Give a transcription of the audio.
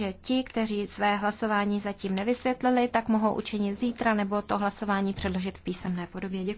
že ti, kteří své hlasování zatím nevysvětlili, tak mohou učinit zítra nebo to hlasování předložit v písemné podobě. Děkuji.